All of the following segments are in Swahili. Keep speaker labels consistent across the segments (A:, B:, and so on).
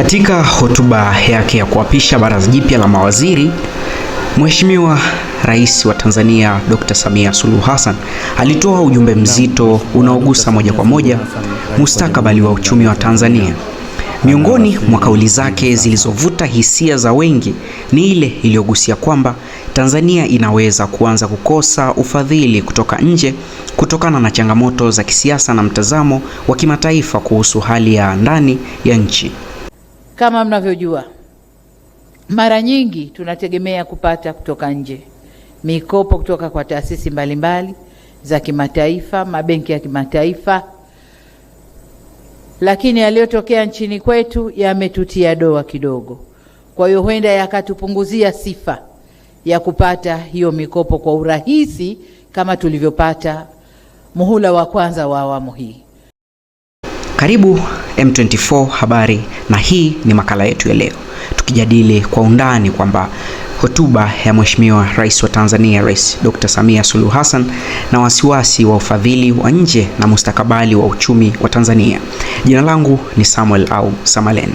A: Katika hotuba yake ya kuapisha baraza jipya la mawaziri, Mheshimiwa Rais wa Tanzania Dr. Samia Suluhu Hassan alitoa ujumbe mzito unaogusa moja kwa moja mustakabali wa uchumi wa Tanzania. Miongoni mwa kauli zake zilizovuta hisia za wengi ni ile iliyogusia kwamba Tanzania inaweza kuanza kukosa ufadhili kutoka nje kutokana na changamoto za kisiasa na mtazamo wa kimataifa kuhusu hali ya ndani ya nchi.
B: Kama mnavyojua, mara nyingi tunategemea kupata kutoka nje mikopo kutoka kwa taasisi mbalimbali za kimataifa, mabenki ya kimataifa, lakini yaliyotokea nchini kwetu yametutia doa kidogo. Kwa hiyo huenda yakatupunguzia sifa ya kupata hiyo mikopo kwa urahisi kama tulivyopata muhula wa kwanza wa awamu hii.
A: Karibu M24 Habari, na hii ni makala yetu ya leo tukijadili kwa undani kwamba hotuba ya Mheshimiwa Rais wa Tanzania, Rais Dr. Samia Suluhu Hassan na wasiwasi wa ufadhili wa nje na mustakabali wa uchumi wa Tanzania. Jina langu ni Samuel au Samalen.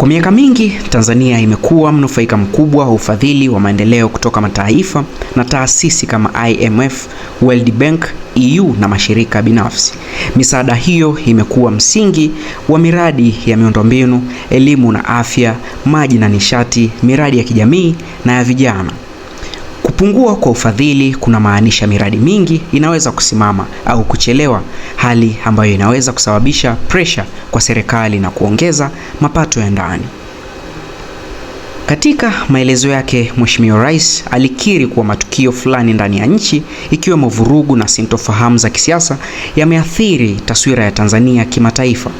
A: Kwa miaka mingi Tanzania imekuwa mnufaika mkubwa wa ufadhili wa maendeleo kutoka mataifa na taasisi kama IMF, World Bank, EU na mashirika binafsi. Misaada hiyo imekuwa msingi wa miradi ya miundombinu, elimu na afya, maji na nishati, miradi ya kijamii na ya vijana. Kupungua kwa ufadhili kunamaanisha miradi mingi inaweza kusimama au kuchelewa, hali ambayo inaweza kusababisha presha kwa serikali na kuongeza mapato ya ndani. Katika maelezo yake, Mheshimiwa Rais alikiri kuwa matukio fulani ndani ya nchi ikiwemo vurugu na sintofahamu za kisiasa yameathiri taswira ya Tanzania kimataifa.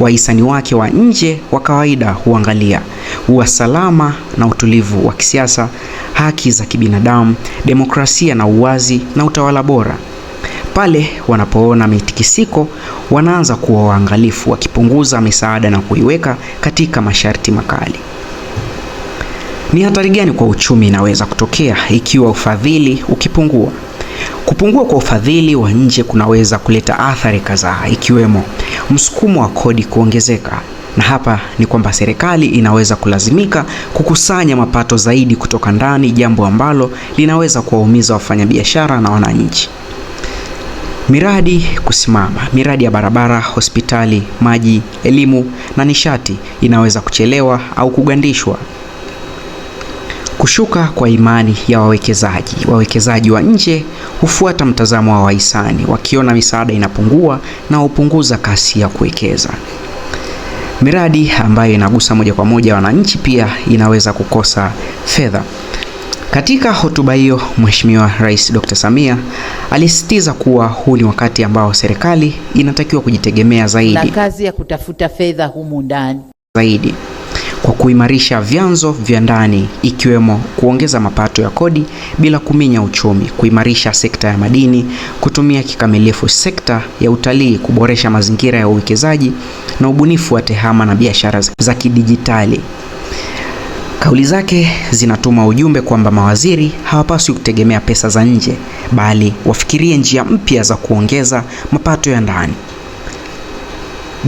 A: Wahisani wake wa nje wa kawaida huangalia usalama na utulivu wa kisiasa, haki za kibinadamu, demokrasia na uwazi na utawala bora. Pale wanapoona mitikisiko, wanaanza kuwa waangalifu, wakipunguza misaada na kuiweka katika masharti makali. Ni hatari gani kwa uchumi inaweza kutokea ikiwa ufadhili ukipungua? Kupungua kwa ufadhili wa nje kunaweza kuleta athari kadhaa ikiwemo msukumo wa kodi kuongezeka, na hapa ni kwamba serikali inaweza kulazimika kukusanya mapato zaidi kutoka ndani, jambo ambalo linaweza kuwaumiza wafanyabiashara na wananchi. Miradi kusimama. Miradi ya barabara, hospitali, maji, elimu na nishati inaweza kuchelewa au kugandishwa. Kushuka kwa imani ya wawekezaji. Wawekezaji wa nje hufuata mtazamo wa wahisani, wakiona misaada inapungua na hupunguza kasi ya kuwekeza. Miradi ambayo inagusa moja kwa moja wananchi pia inaweza kukosa fedha. Katika hotuba hiyo, Mheshimiwa Rais Dr. Samia alisisitiza kuwa huu ni wakati ambao serikali inatakiwa kujitegemea zaidi na
B: kazi ya kutafuta fedha humu ndani
A: zaidi kwa kuimarisha vyanzo vya ndani ikiwemo kuongeza mapato ya kodi bila kuminya uchumi, kuimarisha sekta ya madini, kutumia kikamilifu sekta ya utalii, kuboresha mazingira ya uwekezaji na ubunifu wa tehama na biashara za kidijitali. Kauli zake zinatuma ujumbe kwamba mawaziri hawapaswi kutegemea pesa za nje, bali wafikirie njia mpya za kuongeza mapato ya ndani.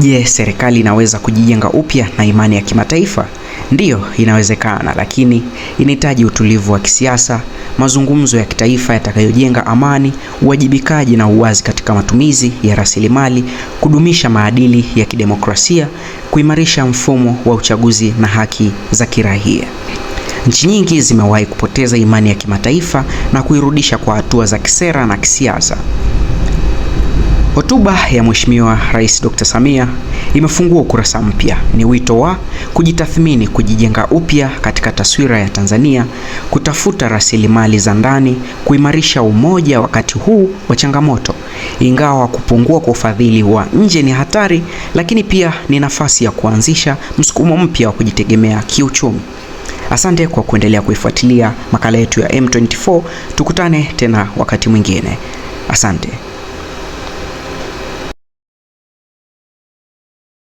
A: Je, serikali inaweza kujijenga upya na imani ya kimataifa? Ndiyo, inawezekana, lakini inahitaji utulivu wa kisiasa, mazungumzo ya kitaifa yatakayojenga amani, uwajibikaji na uwazi katika matumizi ya rasilimali, kudumisha maadili ya kidemokrasia, kuimarisha mfumo wa uchaguzi na haki za kiraia. Nchi nyingi zimewahi kupoteza imani ya kimataifa na kuirudisha kwa hatua za kisera na kisiasa. Hotuba ya Mheshimiwa Rais Dr. Samia imefungua ukurasa mpya. Ni wito wa kujitathmini, kujijenga upya katika taswira ya Tanzania, kutafuta rasilimali za ndani, kuimarisha umoja wakati huu wa changamoto. Ingawa kupungua kwa ufadhili wa nje ni hatari, lakini pia ni nafasi ya kuanzisha msukumo mpya wa kujitegemea kiuchumi. Asante kwa kuendelea kuifuatilia makala yetu ya M24. Tukutane tena wakati mwingine. Asante.